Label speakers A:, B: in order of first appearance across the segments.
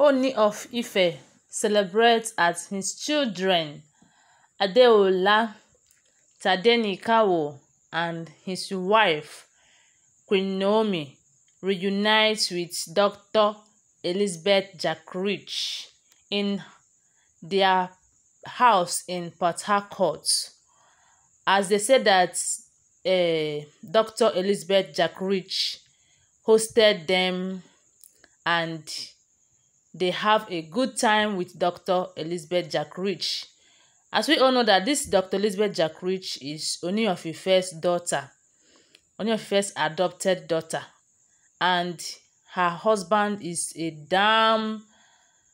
A: Oni of Ife celebrates as his children Adeola Tadenikawo and his wife Queen Naomi reunite with Dr. Elizabeth Jackridge in their house in Port Harcourt. As they say that uh, eh, Dr. Elizabeth Jackridge hosted them and they have a good time with Dr. Elizabeth jack As we all know that this Dr. Elizabeth jack is Ooni of Ife's daughter, Ooni of Ife's adopted daughter, and her husband is a damn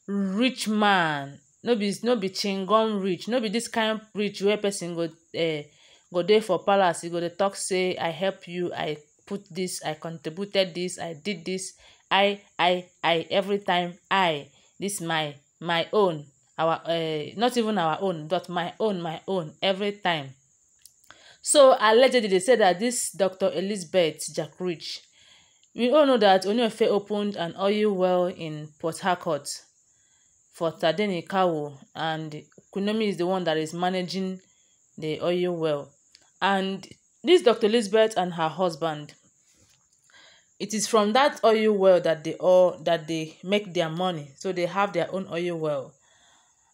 A: rich man. No be no be chingon rich, no be this kind of rich where person go uh, go dey for palace, he go dey talk say I help you, I put this, I contributed this, I did this i i i every time i this my my own our uh, not even our own but my own my own every time so allegedly they said that this dr elizabeth Jackridge, we all know that oniofe opened an oil well in port harcourt for tadeni kawo and kunomi is the one that is managing the oil well and this dr elizabeth and her husband it is from that oil well that they all that they make their money so they have their own oil well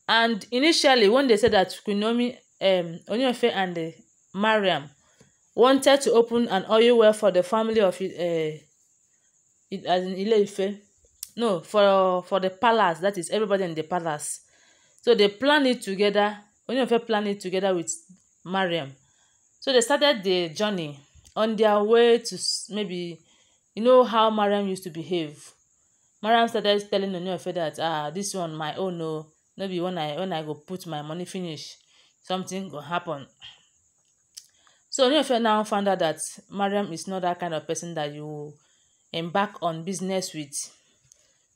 A: and initially when they said that Kunomi um Onyefe and uh, Mariam wanted to open an oil well for the family of uh, it as in Ileife no for for the palace that is everybody in the palace so they planned it together Onyefe planned it together with Mariam so they started the journey on their way to maybe You know how Mariam used to behave. Mariam started telling Oniofe that ah this one my own oh no be when I when I go put my money finish something go happen. So Oniofe now found out that Mariam is not that kind of person that you embark on business with.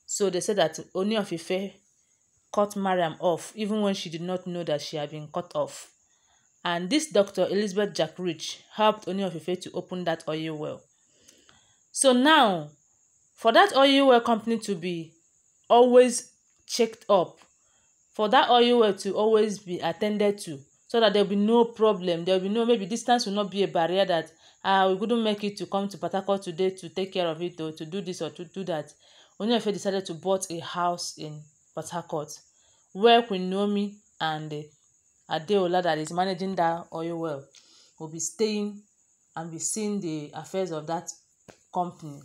A: So they said that Oniofe cut Mariam off even when she did not know that she had been cut off. And this doctor Elizabeth Jackridge helped Oniofe to open that oil well. So now, for that oil well company to be always checked up, for that oil well to always be attended to, so that there will be no problem, there will be no, maybe distance will not be a barrier that ah, we couldn't make it to come to Port today to take care of it or to do this or to do that. Onyefe decided to bought a house in Patakot, Harcourt where Queen Naomi and uh, Adeola that is managing that oil well will be staying and be seeing the affairs of that company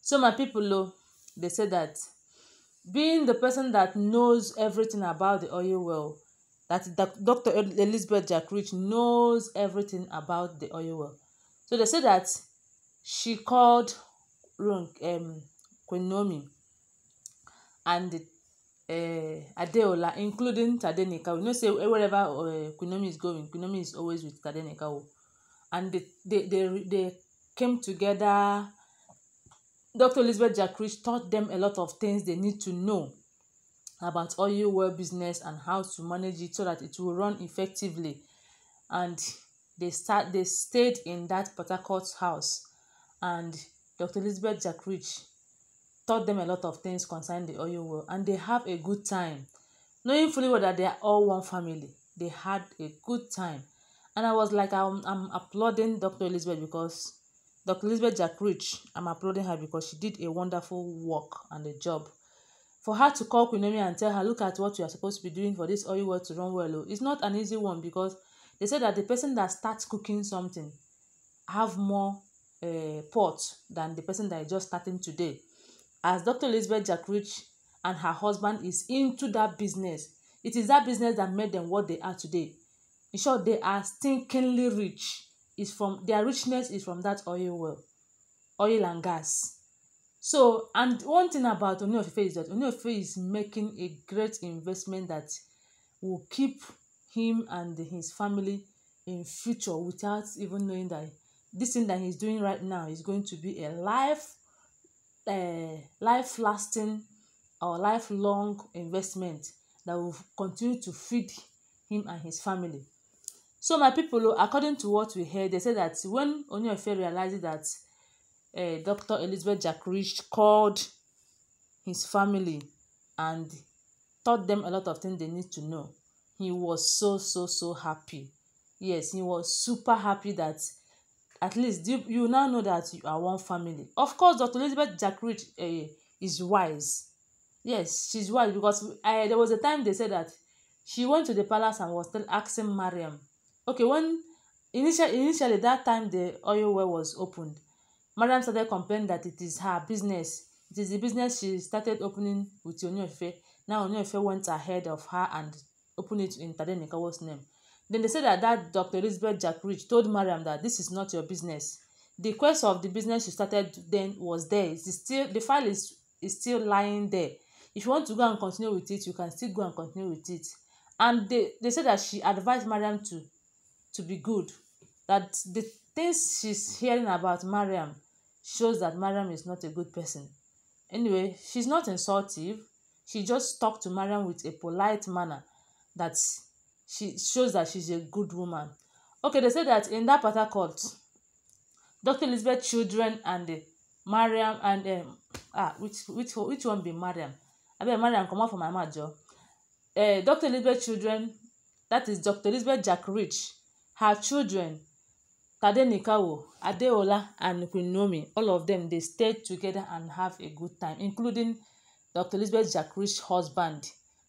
A: so my people o they say that being the person that knows everything about the oil well that dr elizabeth Jackridge knows everything about the oil well so they say that she called um, Kwenomi and uh, Adeola, including Tadenikawo. we know, say wherever uh, Kwenomi is going, Kwenomi is always with Tadenikawo. And they, they, they, they came together. Dr. Elizabeth Jackrich taught them a lot of things they need to know about oil well business and how to manage it so that it will run effectively. And they start they stayed in that Port house and Dr. Elizabeth Jackrich taught them a lot of things concerning the oil well and they have a good time. Knowing fully well that they are all one family, they had a good time. And I was like, I'm, I'm applauding Dr. Elizabeth because Dr. Elizabeth Jackridge, I'm applauding her because she did a wonderful work and a job. For her to call Queen and tell her, look at what you are supposed to be doing for this oil well to run well, oh, it's not an easy one because they said that the person that starts cooking something have more uh, eh, pot than the person that is just starting today. As Dr. Elizabeth Jackridge and her husband is into that business, it is that business that made them what they are today. In short, they are stinkingly rich is from their richness is from that oil well, oil and gas. So, and one thing about Ooni Ife is that Ooni Ife is making a great investment that will keep him and his family in future without even knowing that this thing that he's doing right now is going to be a life uh, life lasting or lifelong investment that will continue to feed him and his family so my people oh, according to what we heard they say that when Onyefe realized that uh, eh, Dr. Elizabeth Jackrich called his family and taught them a lot of things they need to know he was so so so happy yes he was super happy that at least you, you now know that you are one family of course Dr. Elizabeth Jackrich uh, is wise yes she's wise because I, eh, there was a time they said that she went to the palace and was still asking Mariam Okay, when initial, initially that time the oil well was opened, Madam started complaining that it is her business. It is the business she started opening with Onyefe. Now Onyefe went ahead of her and opened it in Tade Nikawa's name. Then they said that, that Dr. Elizabeth Jack told Mariam that this is not your business. The quest of the business she started then was there. It is still the file is, is still lying there. If you want to go and continue with it, you can still go and continue with it. And they, they said that she advised Mariam to to be good. That the things she's hearing about Mariam shows that Mariam is not a good person. Anyway, she's not insultive. She just talked to Mariam with a polite manner that she shows that she's a good woman. Okay, they said that in that of court, Dr. Elizabeth Children and uh, Mariam and um, ah, which which which one be Mariam? I mean, Mariam come out for my mouth, Joe. Uh, Dr. Elizabeth Children, that is Dr. Elizabeth Jack Rich her children tadenikawo adeola and quinomi all of them, dey stay together and have a good time including dr elizabeth jakrish husband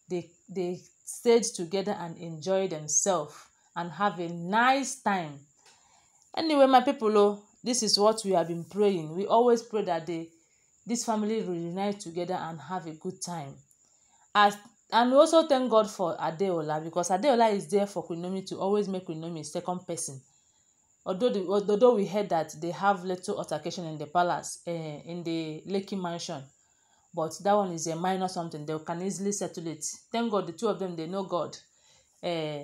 A: they they stayed together and enjoy themselves and have a nice time anyway my people oh, this is what we have been praying we always pray that they this family reunite together and have a good time as and we also thank God for Adeola because Adeola is there for Kunomi to always make Kunomi a second person although the although we heard that they have little altercation in the palace uh, in the Lekki mansion but that one is a minor something they can easily settle it thank God the two of them they know God uh,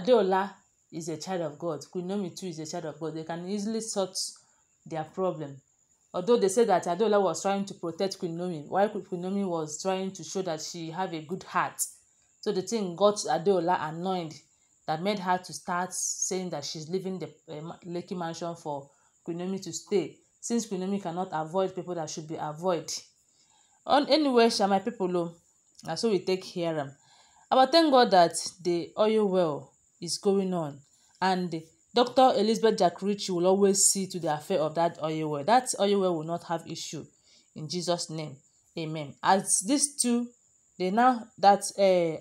A: Adeola is a child of God Kunomi too is a child of God they can easily sort their problem although they say that Adeola was trying to protect Queen Naomi while Queen Naomi was trying to show that she have a good heart so the thing got Adeola annoyed that made her to start saying that she's leaving the uh, Lekki mansion for Queen Naomi to stay since Queen Naomi cannot avoid people that should be avoid on anyway sha my people o na so we take hear am about thank God that the oil well is going on and Dr. Elizabeth Jacqueline will always see to the affair of that oil That oil will not have issue. In Jesus' name, amen. As these two, they now that uh, eh,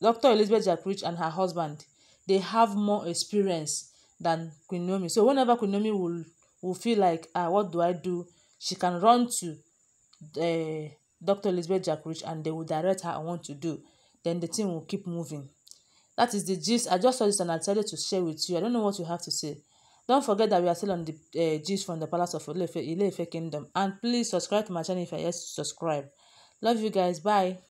A: Dr. Elizabeth Jacqueline and her husband, they have more experience than Queen Naomi. So whenever Queen Naomi will, will feel like, ah, what do I do? She can run to uh, eh, Dr. Elizabeth Jacqueline and they will direct her on what to do. Then the team will keep moving. That is the gist. I just saw this and I decided to share with you. I don't know what you have to say. Don't forget that we are still on the uh, gist from the Palace of Ile-Ife, Kingdom. And please subscribe to my channel if you are subscribe. Love you guys. Bye.